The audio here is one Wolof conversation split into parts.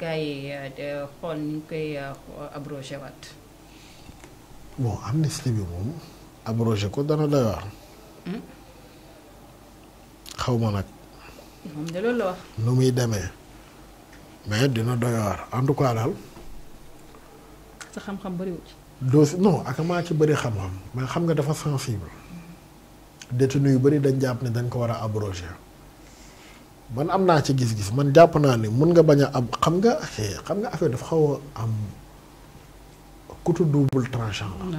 gars yi euh, xool ni ñu koy euh, abrogé waat. bon amnistie bi moom abrogé ko dana doy hmm? xaw ma nag. moom de loolu la wax. nu muy demee mais dina doy waar en tout cas daal. sa xam-xam bëriwul. doosi non ak maa ci bëri xam-xam mais xam nga dafa sensible. Hmm. détenu yu bari dañ jàpp ne dañ ko war a abrogé. man am naa ci gis-gis man jàpp naa ni mun nga bañ a am xam nga xam nga affaire dafa xaw a am couteau double tranchant la.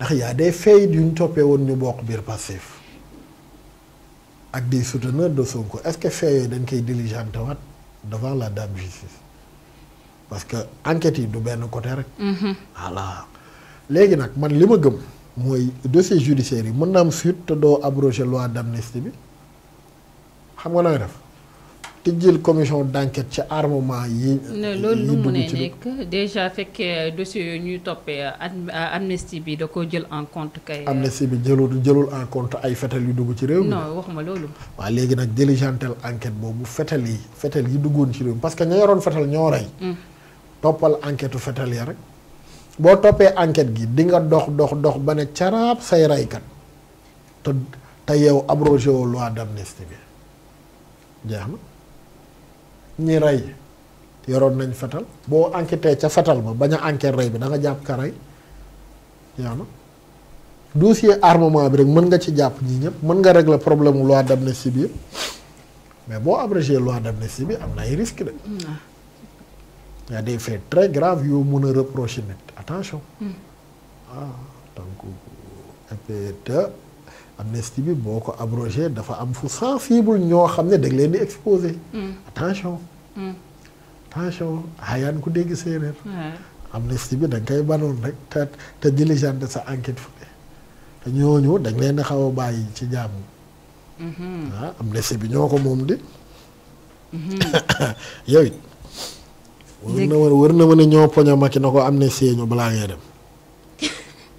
ndax y a des faits yu ñu toppee woon ñu bokk biir Pastef ak des souteneur de Sonko est-ce que faits yooyu dañ koy diligenter waat devant la dame justice parce que enquête yi du benn côté rek. Mhm. voilà léegi nag man li ma gëm mooy dossier judiciaire yi mën na am suite te doo abroger loi d'amnistie bi. xam nga nooy def tijjil commission d'enquête ci armement yi. loolu nu mu ne nekk déjà fekkee dossier yooyu ñuy toppee amnistie bi da ko jël en compte kay. Euh, amnistie bi jëlul jëlul en compte ay fetal yu dugg ci réew mi. wax ma loolu. waaw léegi nag diligentel enquête boobu fetal yi fetal yi duggoon ci réew parce que ña yoroon fetal ñoo rey. Mm. toppal enquête fetal ya rek. boo toppee enquête gi di nga dox dox dox ba ne caraab say raykat te te yow abrogé jeex ñi ray yoron nañ fatal bo enquêté ca fatal ba baña a enquête rey bi da nga japp ka rey jeex dossier armement bi rek mën nga ci japp ñi ñep mën nga régler problème loi d'amnistie bi mais bo abréger loi d'amnistie bi am na ay risque de mm. il y a des faits très graves yo mëna reprocher nit attention mm. ah donc et peut te amnistie bi boo ko abrogé dafa am fu sensible ñoo xam ne dag leen di exposé mm. attention mm. attention xayaan ku dégg séeréer amnistie bi da nga koy banoon rek te te diligente sa enquête fu ne te ñooñu dañ leen di xaw a bàyyi ci jàmm waaw mm-hmm. ah, amnistie bi ñoo ko moom di mm-hmm. yow wër na mën a wër na mën a ñoo poño makki na ko amnistie balaa ngay dem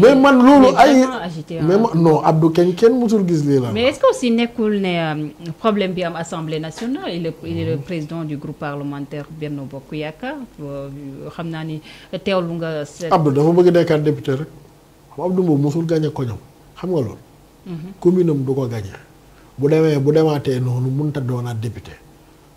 mais man loolu ay hein. non Abdou ken ken musul gis li la. mais est-ce que aussi nekul ne euh, problème bi am assemblée nationale il est il est le président du groupe parlementaire Benno Bokk Yaakaar euh, xamna ni teewlu nga. Abdou dafa bëgg nekkaat député rek Abdou mo musul gagné ko xam nga lool mhm. commune am du ko gagné bu demee bu demaatee noonu mënut a doonaat député.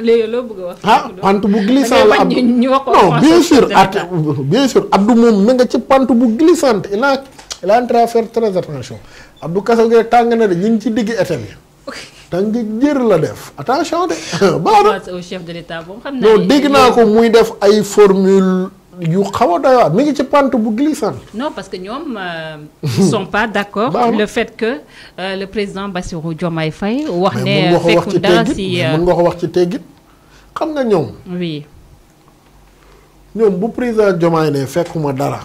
léegi loo bëgg a wax. ah pante bu glissant la Abdou non bien sûr at bien sûr Abdou moom na nga ci pante bu glissante il a il a entré à faire très attention Abdou Kassongué tàng na de ñu ci digg état bi. tàng jër la def attention de. baax na au dégg naa ko muy def ay formule. yu xaw a doy mi ngi ci pente bu glissant non parce que ñoom euh, ils sont pas d'accord le fait que euh, le président Bassirou Diomaye Faye wax ne Fekunda si mën euh, nga ko wax ci teggit xam nga ñoom. oui. ñoom bu président Diomaye ne fekkuma dara.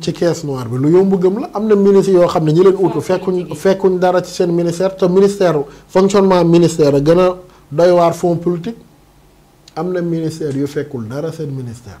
ci caisse noire bi lu yomb gëm la am na ministre yoo xam ne ñi leen utu fekkuñ fekkuñ dara ci seen ministère te ministère fonctionnement ministère a gën a doy waar fonds politique am na ministère yu fekkul dara seen ministère.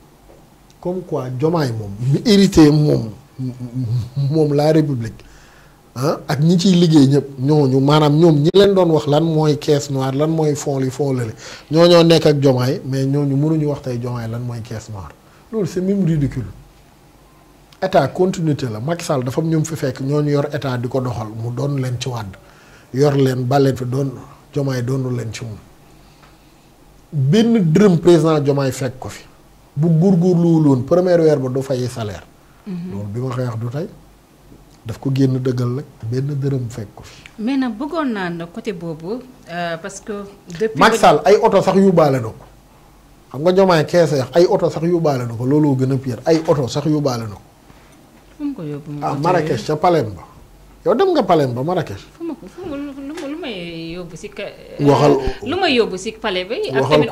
comme quoi Jomaay moom mi hérité moom moom la république ah ak ñi ciy liggéey ñëpp ñooñu maanaam ñoom ñi leen doon wax lan mooy caisse noire lan mooy fond li fond lële ñoo ñoo nekk ak Jomaay mais ñooñu mënuñu wax tey Jomaay lan mooy caisse noire loolu c'est même ridicule état continuité la Macky Sall dafa ñoom fi fekk ñoo ñu yor état di ko doxal mu doon leen ci wàdd yor leen ba leen fi doon Jomaay doonu leen ci moom benn dërëm président Jomaay fekk ko fi. bu góorgóorluwul woon premier wer ba do fayé salaire. Mhm. lool bi ma wax du tay daf ko genn deugal nak ben deureum fekk mais na côté euh, parce que. depuis Maxal, Sall ay auto sax yu na ko xam nga jomay ay auto sax yu ay sax ah, Marrakech ca Palem yow dem Marrakech. yóbbu si. waxal lu may yóbbu si palais ba ak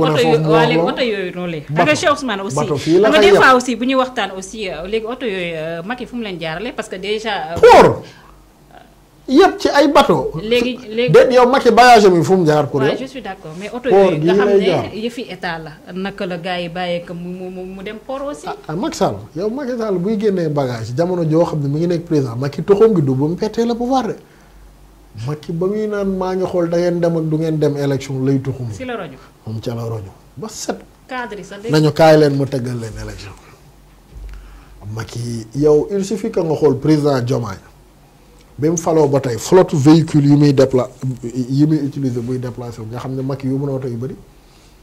léegi oto yooyu noonu la. bato Cheikh Ousmane aussi xam nga aussi bu ñuy waxtaan aussi euh, léegi oto yooyu euh, Macky fu mu leen jaarale parce que déjà. Euh, pour yëpp ci ay bato. léegi léegi déet yow Macky bagage mi jaar pour yooyu nga xam ne yëfi état la naka la gars yi bàyyee ko mu mu mu dem port aussi. Ah, ah Macky Sall yow Macky buy génnee bagage jamono joo xam ne ngi nekk président Macky toxoom gi du ba mu pettee la pouvoir de Macky ba muy naan maa ngi xool da ngeen dem du ngeen dem élection lay tuxum. si la rojo moom ca la rojo ba set. cadre sax nañu kaay leen mu teggal leen élection. Macky yow il suffit nga xool président Diomaye bi mu faloo ba tey flotte véhicule yi muy dépla yi muy utiliser buy déplacé wu nga xam ne Macky yu mën a oto yu bëri.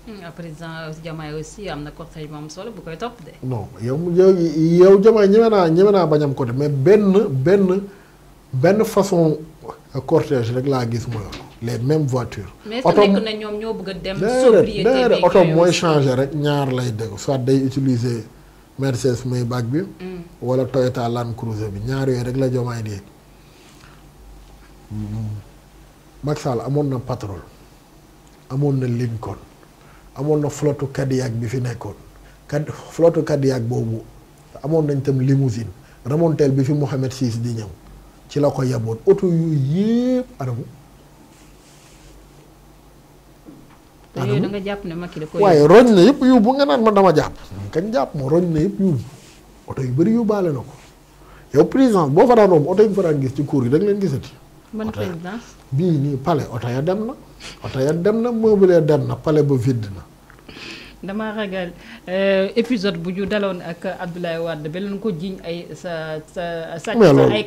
Hmm, ah, président Diomaye aussi na cortège moom solo bu koy topp de. non yow yow Diomaye ñeme naa ñeme naa bañam côté mais benn benn benn façon. Euh, cortège rek les mêmes voitures. mais na vrai ñoo bëgg dem. sobriété auto moins changer rek ñaar lay soit utiliser Mercedes Maybach bi. Mm. wala Toyota Land Cruiser bi ñaar rek la na Patrol na Lincoln na flotte Cadillac bi fi flotte Cadillac Nous avons nañ tam limousine Ramontel bi fi Mohamed Ciss di ci la ko yaboon oto yooyu yëpp anamu. anamu da nga jàpp ne waaye roñ na yëpp yóbbu nga naan man dama jàpp. kañ jàpp ma roñ na yëpp yóbbu oto yu bëri yóbbaale na ko yow présidence boo fa daan romb oto yi gis ci kuur yi da leen gisati. man présidence bii nii palais oto ya dem na oto ya dem na meuble dem na palais ba vide na. damaa ragal euh, épisode bu ñu daloon ak Abdoulaye Wade ba leen ko jiiñ ay sa sa. sa ay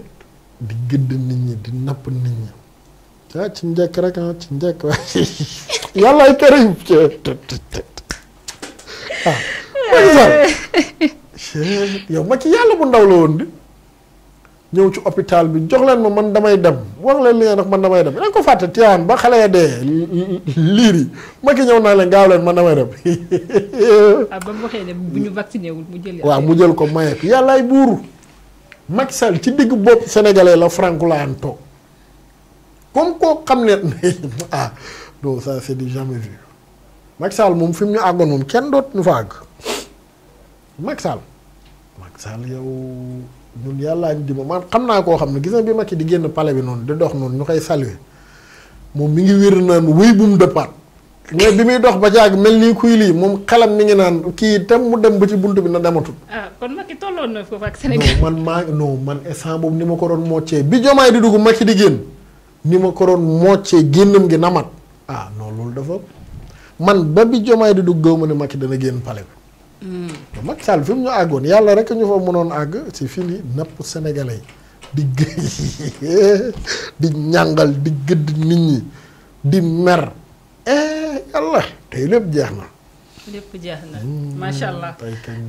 di gëdd nit ñi di napp nit ñi ah ci njëkk rek ah ci njëkk waaye yàlla ay tere yu ah yow ma ci yàlla bu ndaw la woon di ñëw ci hôpital bi jox leen ma man damay dem wax leen li ngeen wax man damay dem dañ ko fàtte tiyaan ba xale ya dee liir yi ma ki ñëw naa leen gaaw leen man damay dem. ah ba mu waxee ne bu ñu vacciné wul mu jël. waaw mu jël ko maye ay buuru. Macky Sall ci digg bopp sénégalais la francolaan toog comme koo xam ne ah non ça c'est du jamais vu Macky Sall moom fi mu ñu àggoon moom kenn doot ñu fa àgg Macky Sall Macky Sall yow ñun yàllaa ñu man xam naa koo xam ne gis na bi Macky di génn palais bi noonu di dox noonu ñu koy saluer moom mi ngi wér naan wéy bu mu dëppaat mooy bi muy dox ba caag mel ni kuy lii moom xelam mi ngi naan kii te mu dem ba ci buntu bi na dematul. ah kon Macky tolloon na foofu ak Sénégal. non man maa non man instant boobu ni ma ko doon moccee bi jomaay di dugg Macky di génn ni ma ko doon moccee génnam gi namat ah non loolu dafa man ba bi jomaay di dugg gaw ma ne Macky dana génn pale ko. Hmm. Macky Sall fi mu ñu àggoon yàlla rek ñu fa mënoon àgg si c'est fini napp sénégalais di di ñàngal di gëdd nit ñi di mer. Eh, yàlla tey lépp jeex na. lépp jeex na hmm, macha allah. tey kañ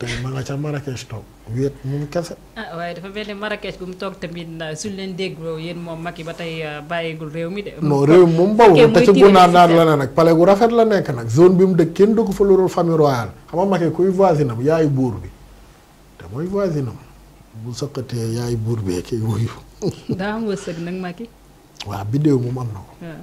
tey ma nga ca Marrakech toog. wéet moom kese. Ah, waaye dafa mel ni Marrakech mu toog tamit ah, suñ leen dégloo yéen moom yi ba tey ah, bàyyigul réew mi de. non réew mi moom bawul te ci gunnaa naan la ne nag pale rafet la nekk nag zone bi mu dëkk kenn dugg fa loolu famille royale xam nga Macky kuy voisinam yaay buur bi te mooy voisinam bu sëqatee yaay buur bee kii wuyu. waaw biddéew moom am na ko. Hmm.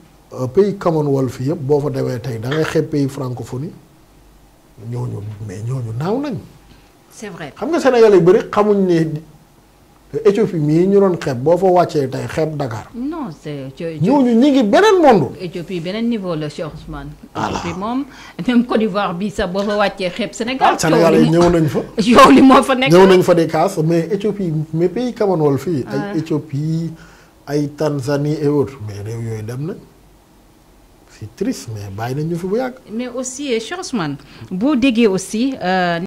Euh, pays Commonwealth fi yëpp boo fa demee tey da ngay xeeb pays francophonie ñooñu mais ñooñu naaw nañ. c'est vrai xam nga Sénégal yu bëri xamuñ ne Éthiopie mii ñu doon xeeb boo fa wàccee tey xeeb Dakar. non c'est ñooñu ñi ngi beneen monde. beneen niveau la Cheikh Ousmane. Éthiopie moom même Côte d'Ivoire bii sax boo fa wàccee xeeb Sénégal. Ah, Sénégal ñëw nañ fa. yow li moo fa nekk ñëw nañ fa di kaas mais Éthiopie mais pays Commonwealth fii. ay ah. Éthiopie ay Tanzanie et mais réew yooyu dem nañ. c'est triste mais bah, il ñu a bu yàgg. mais aussi euh, Cheikh Ousmane boo déggee aussi. Euh...